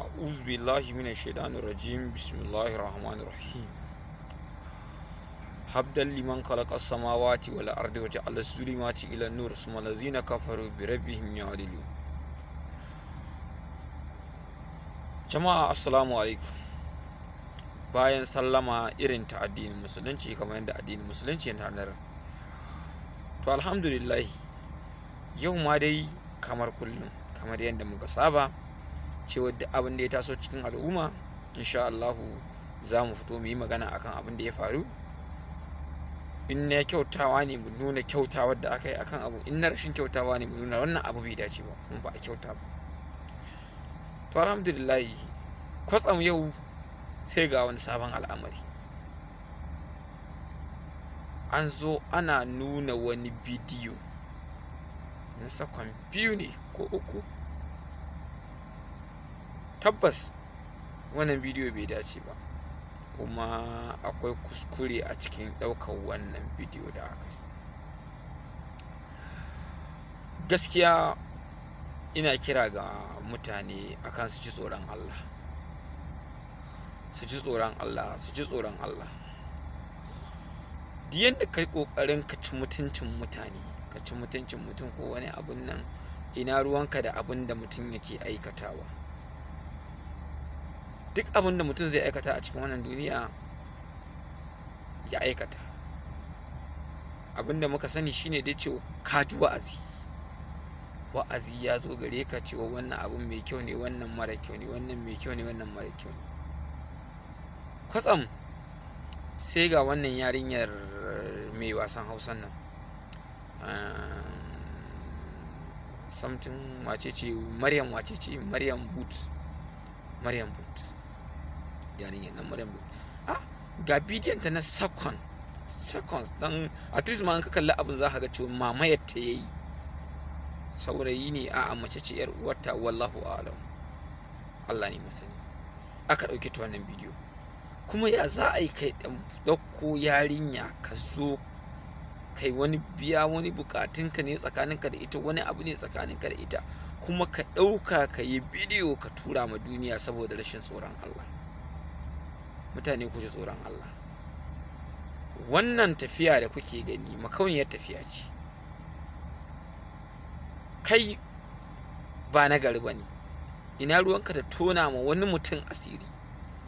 أعوذ بالله من الشيطان الرجيم بسم الله الرحمن الرحيم حمدا لمن خلق السماوات والأرض وجعل الظلمات إلى النور ثم الذين كفروا بربهم يعدلون jama'a assalamu alaikum bayan sallama irin ta addinin musulunci kamar yadda addinin musulunci ya tanar to alhamdulillah yau ma dai kamar kullum kamar yadda muka saba cewa duk abin da ya taso cikin al'umma insha Allahu za mu fito mu yi magana akan abin da ya faru in na kyautawa ne mu nuna kyautawar da aka yi akan abu in na rashin kyautawa ne mu nuna wannan abu bai dace ba kuma ba a kyauta ba to alhamdulillah kwatsam yau sai ga wani sabon al'amari an zo ana nuna wani bidiyo na sakon biyu ne ko uku tabbas wannan bidiyo bai dace ba kuma akwai kuskure a cikin ɗaukar wannan bidiyo da aka gaskiya ina kira ga mutane akan su ci tsoron Allah su ci tsoron Allah su ci tsoron Allah duk yadda kai kokarin ka ci mutuncin mutane ka ci mutuncin mutum ko wani abun nan ina ruwanka da abin da mutum yake aikatawa duk abin da mutum zai aikata a cikin wannan duniya ya aikata abin da muka sani shine dai cewa ka ji wa'azi wa'azi ya zo gare ka cewa wannan abin mai kyau ne wannan mara kyau ne wannan mai kyau ne wannan mara kyau ne kwatsam sai ga wannan yarinyar eh, mai wasan hausan nan ehm, something wacece maryam wacece maryam boot maryam boot yarinya nan Maryam a ah, ga bidiyon ta na second seconds dan at least ma an ka kalli abin za ka ga cewa mamayar ta yayi saurayi ne a mace ce yar uwarta wallahu a'lam Allah ne masani aka ɗauki ta wannan bidiyo kuma ya za a yi kai ɗauko yarinya ka zo kai wani biya wani bukatunka ne tsakaninka da ita wani abu ne tsakaninka da ita kuma ka ɗauka ka yi bidiyo ka tura ma duniya saboda rashin tsoron Allah mutane ku ji tsoron Allah wannan tafiya da kuke gani makauniyar tafiya ce kai ba na gari ba ne ina ruwanka da tona ma wani mutum asiri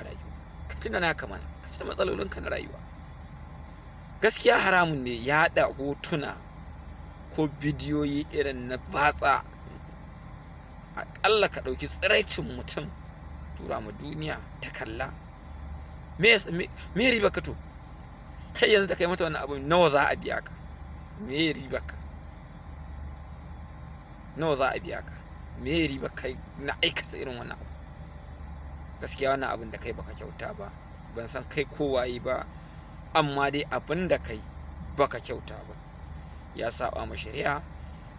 a rayuwa ka tuna naka mana ka tuna matsalolinka na rayuwa gaskiya haramun ne yaɗa hotuna ko bidiyoyi irin na batsa aƙalla ka ɗauki tsiraicin mutum ka tura ma duniya ta kalla me me riba ka to kai yanzu da kai mata wannan abu nawa za a biya ka me riba ka nawa za a biya ka me riba kai na aikata irin wannan abu gaskiya wannan abin da kai baka kyauta ba ban san kai kowaye ba amma dai abin da kai baka kyauta ba ya saba ma shari'a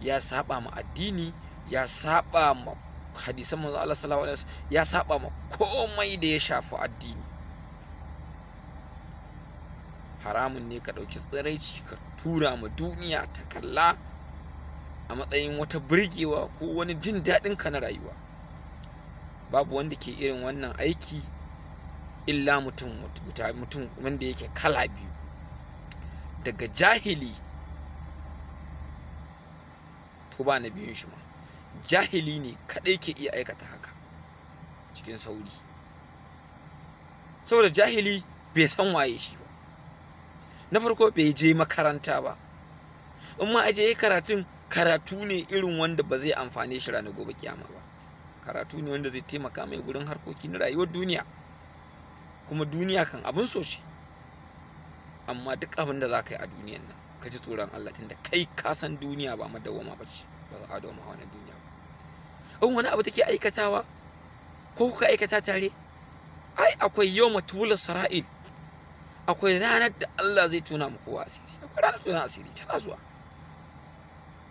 ya saba ma addini ya saba ma hadisan manzo Allah sallallahu alaihi wasallam ya saba ma komai da ya shafi addini haramun ne ka ɗauki tsiraici ka tura ma duniya ta kalla a matsayin wata birgewa ko wani jin daɗin ka na rayuwa babu wanda ke irin wannan aiki illa mutum mutum wanda yake kala biyu daga jahili to ba na biyun shi ma jahili ne kaɗai ke iya aikata haka cikin sauri saboda jahili bai san waye shi ba na farko bai je makaranta ba in ma aje yi karatun karatu ne irin wanda ba zai amfane shi ranar gobe kiyama ba karatu ne wanda zai taimaka mai gurin harkoki na rayuwar duniya kuma duniya kan abin so shi amma duk abin da za ka yi a duniyan nan ka ji tsoron Allah tunda kai ka san duniya ba madawwama ba ce ba za a doma a wannan duniya ba in wani abu take aikatawa ko kuka aikata tare ai akwai yau matulul sara'il akwai ranar da Allah zai tuna mu kowa asiri akwai ranar tuna asiri tana zuwa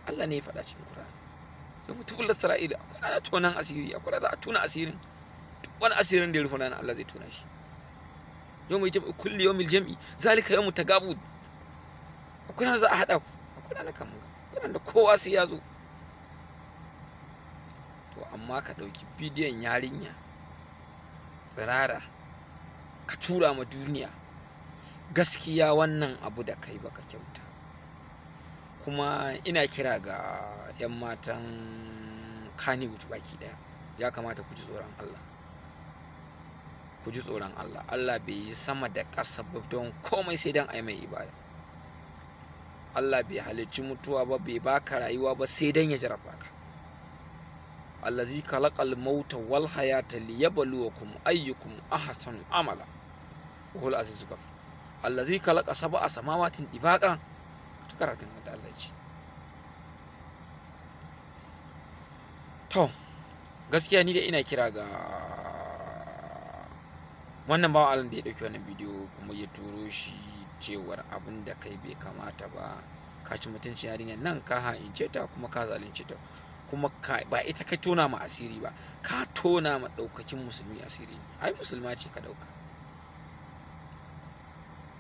Allah ne ya faɗa cikin Qur'ani ya mutu kullu Isra'ila akwai ranar tunan asiri akwai ranar tuna asirin wani asirin da ya rufe ranar Allah zai tuna shi yawmul jam'i kulli yawmil jam'i zalika yawmut tagabud akwai ranar za a haɗa ku akwai ranar kan muga akwai ranar da kowa sai ya zo to amma ka ɗauki bidiyon yarinya tsirara ka tura ma duniya gaskiya wannan abu da kai baka kyauta kuma ina kira ga 'yan matan Kani kaniwood baki daya ya kamata ku ji tsoron allah ku ji tsoron allah allah bai yi sama da ƙasa ba don komai sai dan a mai ibada allah bai halicci mutuwa ba bai baka rayuwa ba sai dan ya jarraba ka allazi kalakal mauta wal hayata liyabluwakum ayyukum ahsanu amala wal aziz ghafur allazi khalaqa sab'a samawatin dibaqa ta karatun da Allah ce to gaskiya ni da ina kira ga wannan bawa Allah da ya dauki wannan bidiyo kuma ya turo shi cewar abin da kai bai kamata ba ka ci mutuncin yarinyar nan ka ha'ince ta kuma ka zalunce ta kuma ba ita ka tona ma asiri ba ka tona ma ɗaukakin musulmi asiri ai musulma ce ka ɗauka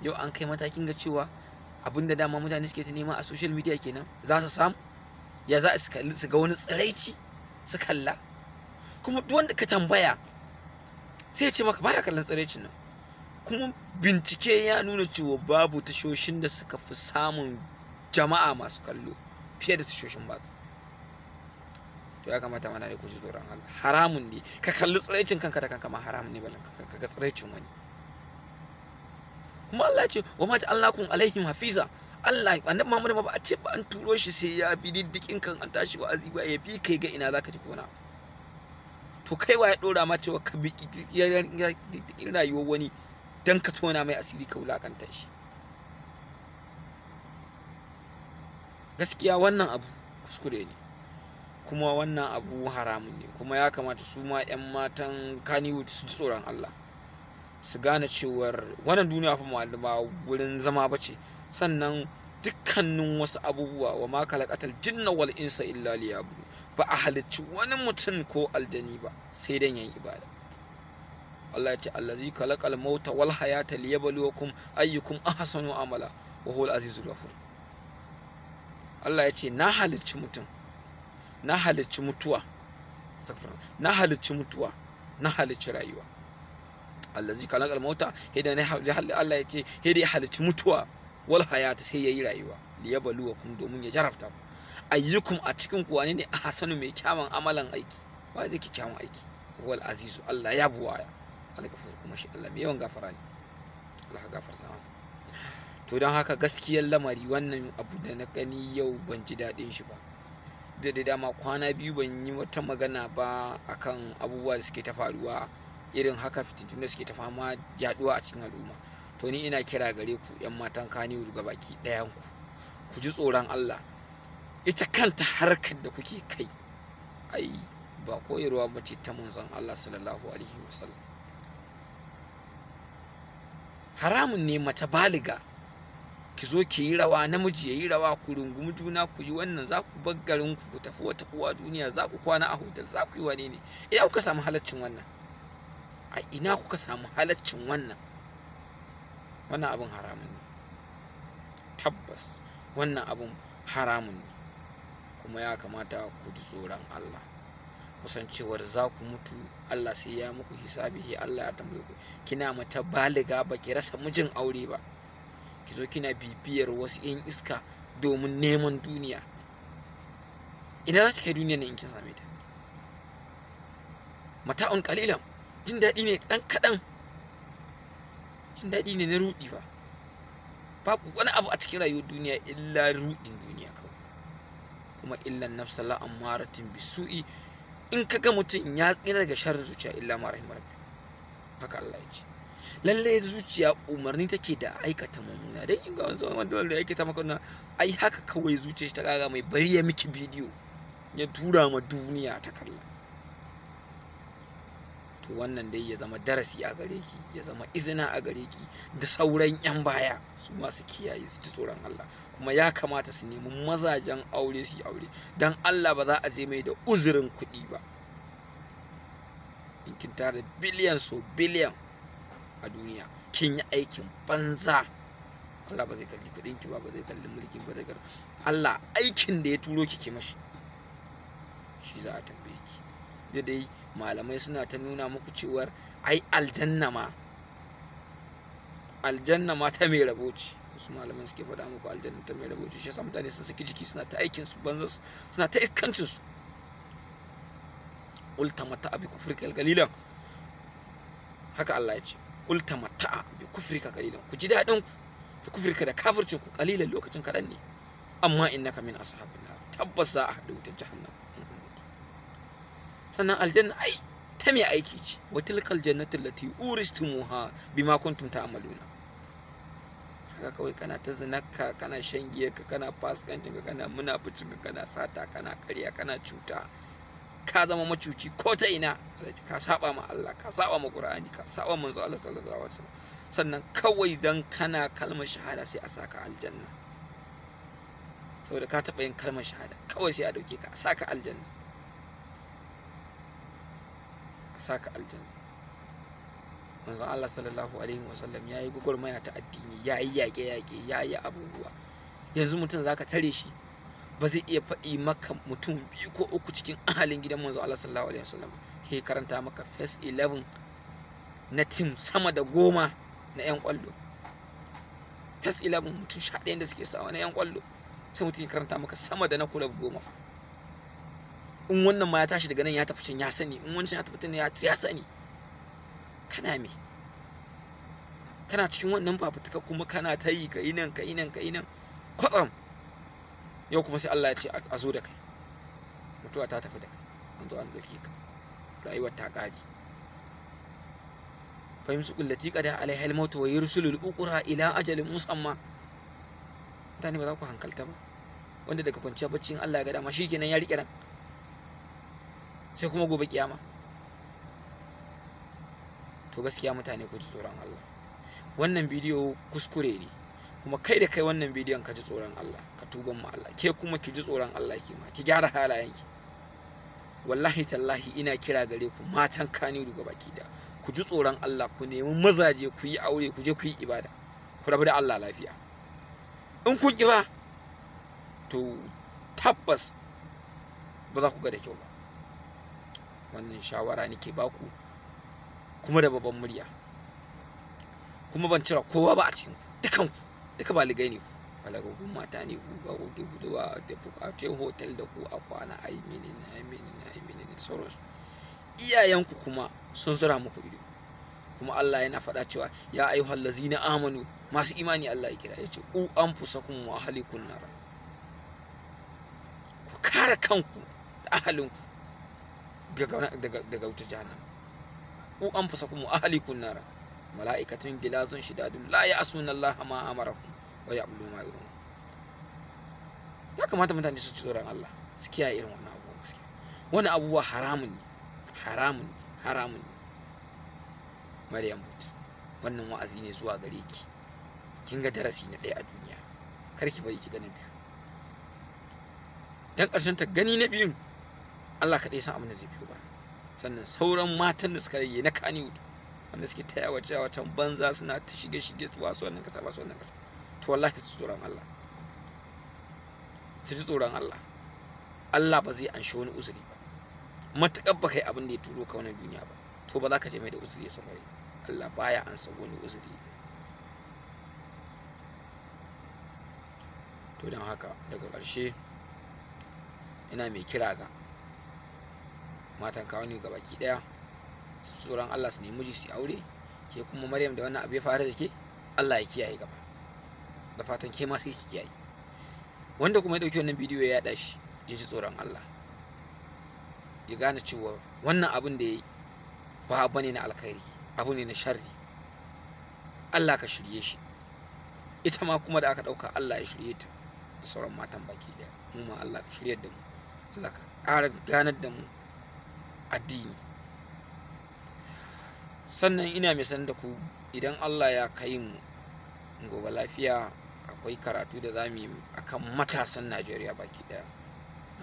yau an kai matakin ga cewa abin da dama mutane suke ta nema a social media kenan za su samu ya za su ga wani tsiraici su kalla kuma duk wanda ka tambaya sai ya ce maka baya kallon tsiraicin nan kuma bincike ya nuna cewa babu tashoshin da suka fi samun jama'a masu kallo fiye da tashoshin ba to ya kamata mana ne ku ji tsoron Allah haramun ne ka kalli tsiraicin kanka da kanka ma haramun ne balan ka ga tsiraicin wani kuma Allah ce wa ma kun alaihim hafiza Allah annabi Muhammad ba a ce ba an turo shi sai ya bi diddikin kan an tashi wa aziba ya bi kai ga ina zaka ji kona to kai wa ya dora ma cewa ka bi diddikin rayuwar wani dan ka tona mai asiri ka wulakanta shi gaskiya wannan abu kuskure ne kuma wannan abu haramun ne kuma ya kamata su ma 'yan matan kaniwood su ji tsoron Allah su gane cewar wannan duniya fa ma'alima wurin zama bace sannan dukkanin wasu abubuwa wa ma kalakatal jinna wal insa illa liyabu ba a halicci wani mutum ko aljani ba sai dan yayin ibada Allah ya ce allazi kalakal mauta wal hayata liyabluwakum ayyukum ahsanu amala wa huwal azizul ghafur Allah ya ce na halicci mutum na halicci mutuwa na halicci mutuwa na halicci rayuwa allazi kalakal mauta hida ne Allah ya ce hida ya halicci mutuwa wal hayata sai yayi rayuwa liyabluwakum domin ya jarabta ku ayyukum a cikin ku wani ne ahsanu mai kyawun amalan aiki ba zai ki kyawun aiki wal azizu Allah ya buwaya alghafur kuma shi Allah mai yawan gafara ne Allah ka gafarta mana to don haka gaskiyar lamari wannan abu da na gani yau ban ji daɗin shi ba da da dama kwana biyu ban yi wata magana ba akan abubuwa da suke ta faruwa irin haka fitintun da suke ta fama yaduwa a cikin al'umma to ni ina kira gare ku yan matan kaniyu ga baki ɗayan ku ku ji tsoron Allah ita kanta harkar da kuke kai ai ba koyarwa ba ce ta manzon Allah sallallahu alaihi wasallam haramun ne mata baliga ki zo ki yi rawa namiji ya yi rawa ku rungumi juna ku yi wannan za ku bar garin ku tafi wata kowa duniya za ku kwana a hotel za ku yi wane ne idan kuka samu halaccin wannan a ina kuka samu halaccin wannan wannan abin haramun ne tabbas wannan abin haramun ne kuma ya kamata ku ji tsoron Allah kusancewar za ku mutu Allah sai ya muku hisabi, Allah ya tambaye ku kina mata baliga ba ki rasa mijin aure ba ki zo kina bibiyar wasu yan iska domin neman duniya ina za ki kai duniya ne in kin same ta mata'un qalilan jin daɗi ne ɗan kaɗan jin daɗi ne na ruɗi ba babu wani abu a cikin rayuwar duniya illa ruɗin duniya kawai kuma illan nafsa la ammaratin bisu'i in ka ga mutum ya tsira daga sharrin zuciya illa ma rahimar haka Allah ya ce lalle zuciya umarni take da aikata mummuna dan in ga wanzu wanda wanda yake ta maka ai haka kawai zuciya ta kara mai bari ya miki bidiyo ya tura ma duniya ta kalla to wannan dai ya zama darasi a gare ki ya zama izina a gare ki da sauran 'yan baya su masu kiyaye su ji tsoron Allah kuma ya kamata su nemi mazajen aure su aure don Allah ba za a je mai da uzurin kuɗi ba in kin tara biliyan so biliyan a duniya kin yi aikin banza Allah ba zai kalli kuɗin ki ba ba zai kalli mulkin ba zai kalli Allah aikin da ya turo ki ki mashi shi za a tambaye ki da dai malamai suna ta nuna muku cewar ai aljanna ma aljanna ma ta mai raboci. ce wasu malamai suke faɗa muku aljanna ta mai raboci. ce shi yasa mutane sun saki jiki suna ta aikin su banza suna ta iskancin su ultamata abi kufrika galilan haka Allah ya ce ultamata bi kufrika galilan ku ji daɗin ku da kufrika da kafircin ku galilan lokacin kaɗan ne amma innaka min ashabin nar tabbas za a haɗu ta jahannama sannan aljanna ai ta mai aiki ce wa tilkal jannatu lati uristumuha bima kuntum ta'maluna haka kawai kana ta zinakka kana shan giyarka kana fasikancinka kana ka kana sata kana karya kana cuta ka zama macuci ko ta ina alhaji ka saba ma Allah ka saba ma Qur'ani ka saba manzo Allah sallallahu alaihi wasallam sannan kawai dan kana kalmar shahada sai a saka aljanna saboda ka taɓa yin kalmar shahada kawai sai a dauke ka a saka aljanna saka aljanna manzon Allah sallallahu alaihi wasallam yayi gugurmaya ta addini yayi yake yake yayi abubuwa yanzu mutum zaka tare shi ba zai iya faɗi maka mutum biyu ko uku cikin ahalin gidan manzon Allah sallallahu alaihi wasallam he karanta maka first 11 na tim sama da goma na yan kwallo first 11 mutum sha ɗayan da suke sawa na yan kwallo sai mutum ya karanta maka sama da na kula goma fa in wannan ma ya tashi daga nan ya tafi can ya sani in wancan ya tafi can ya sani kana me kana cikin wannan fafutuka kuma kana ta yi ka nan ka nan ka nan kwatsam yau kuma sai Allah ya ce a zo da kai mutuwa ta tafi da kai an zo an doke ka rayuwar ta ƙare fahimsu kullati kada alaihi almautu wa yursulul alukura ila ajalin musamma mutane ba za ku hankalta ba wanda daga kwanciya baccin Allah ya ga dama shikenan ya rike nan sai kuma gobe kiyama to gaskiya mutane ku ji tsoron Allah wannan bidiyo kuskure ne kuma kai da kai wannan bidiyon ka ji tsoron Allah ka tuban ma Allah ke kuma ki ji tsoron Allah ki ma ki gyara halayenki wallahi tallahi ina kira gare ku matan kaniru ga baki da ku ji tsoron Allah ku nemi mazaje ku yi aure ku je ku yi ibada ku rabu da Allah lafiya in ku kira to tabbas ba za ku ga da kyau ba wannan shawara nake baku kuma da babban murya kuma ban cira kowa ba a cikin dukan duka baligai ne balagagun mata ne ku ga goge guduwa da bukatu hotel da ku a kwana ai menene ai menene ai menene sauransu iyayenku kuma sun zura muku ido kuma Allah yana faɗa cewa ya ayyuhal na amanu masu imani Allah ya kira yace u an kun wa halikun nara ku kare kanku da ahalinku daga wuta jahannam ku an fusa kuma ahali kunnara mala'ikatun gilazun shidadun la ya a Allah ma amarahu wa ya bulu ma irin ya kamata mutane su ci tsoron Allah su kiyaye irin wannan abubuwan gaske wani abubuwa haramun ne haramun ne haramun ne Maryam But wannan wa'azi ne zuwa gare ki kin ga darasi na ɗaya a duniya kar ki bari ki biyu dan ƙarshen ta gani na biyun Allah kaɗai san abin da zai biyo ba sannan sauran matan da suka rage na kaniwood wanda suke taya wace cewa can banza suna ta shige shige su wasu wannan kasa wasu wannan kasa to wallahi su tsoron Allah su ji tsoron Allah Allah ba zai anshi wani uzuri ba matuƙar ba kai abin da ya turo ka wannan duniya ba to ba za ka je mai da uzuri ya saurare ka Allah baya ansa wani uzuri to don haka daga ƙarshe ina mai kira ga matan kawo ne gabaki daya su tsoron Allah su nemi miji su aure ke kuma Maryam da wannan abu ya faru da ke Allah ya kiyaye gaba da fatan ke ma sai ki kiyaye wanda kuma ya dauki wannan bidiyo ya dashi ya ji tsoron Allah ya gane cewa wannan abin da ya yi ba abu ne na alkhairi abu ne na sharri Allah ka shirye shi ita ma kuma da aka dauka Allah ya shirye ta da sauran matan baki daya mu ma Allah ka shirye da mu Allah ka ƙara ganar da mu addini sannan ina mai sanar da ku idan allah ya kai mu gobe lafiya akwai karatu da za mu yi akan matasan najeriya baki daya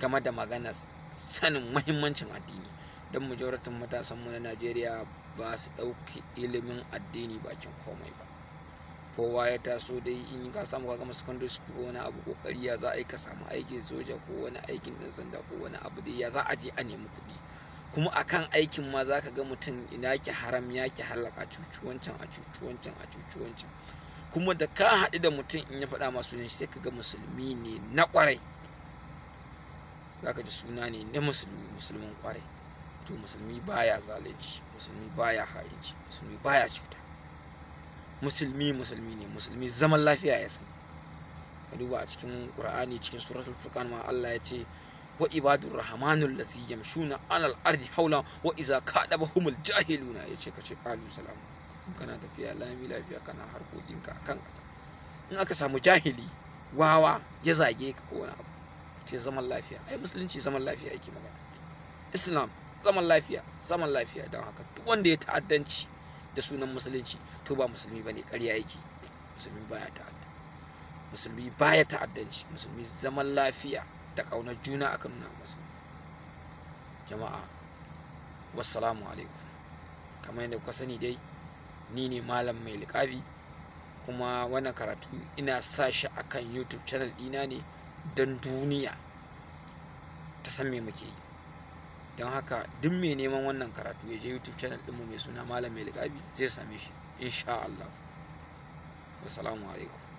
game da magana sanin muhimmancin addini don majoratin matasanmu na najeriya ba su ɗauki ilimin addini bakin komai ba kowa ya taso dai in ka samu ka gama secondary school ko wani abu kokari ya za a yi ka samu aikin soja ko wani aikin ɗan sanda ko wani abu dai ya za a je a nemi kuɗi kuma akan aikin ma za ka ga mutum ina ki haram ya ki halaka cucu wancan a cucuwancan wancan a cucuwancan wancan kuma da ka haɗu da mutum in ya faɗa masu yin sai ka ga musulmi ne na ƙwarai za ka ji suna ne na musulmi musulmin ƙwarai to musulmi baya zalunci musulmi baya hariji musulmi baya cuta musulmi musulmi ne musulmi zaman lafiya ya sani ka duba a cikin ƙur'ani cikin suratul furqan ma Allah ya ce wa ibadur rahmanul lasi yamshuna alal ardi haula wa iza kadabahumul jahiluna yace kace qalu salam in kana tafiya lami lafiya kana harkokinka akan ƙasa in aka samu jahili wawa ya zage ka ko wani abu ce zaman lafiya ai musulunci zaman lafiya yake magana islam zaman lafiya zaman lafiya Dan haka duk wanda ya ta'addanci da sunan musulunci to ba musulmi bane ƙarya yake musulmi baya ta'adda musulmi baya ta'addanci musulmi zaman lafiya da ƙaunar juna aka nuna masa jama'a wassalamu alaikum kamar yadda kuka sani dai ni ne malam mai likabi kuma wannan karatu ina sa shi akan youtube channel ɗina ne don duniya ta san me muke yi don haka duk mai neman wannan karatu ya je youtube channel ɗinmu mai suna malam mai likabi zai same shi insha Allah wassalamu alaikum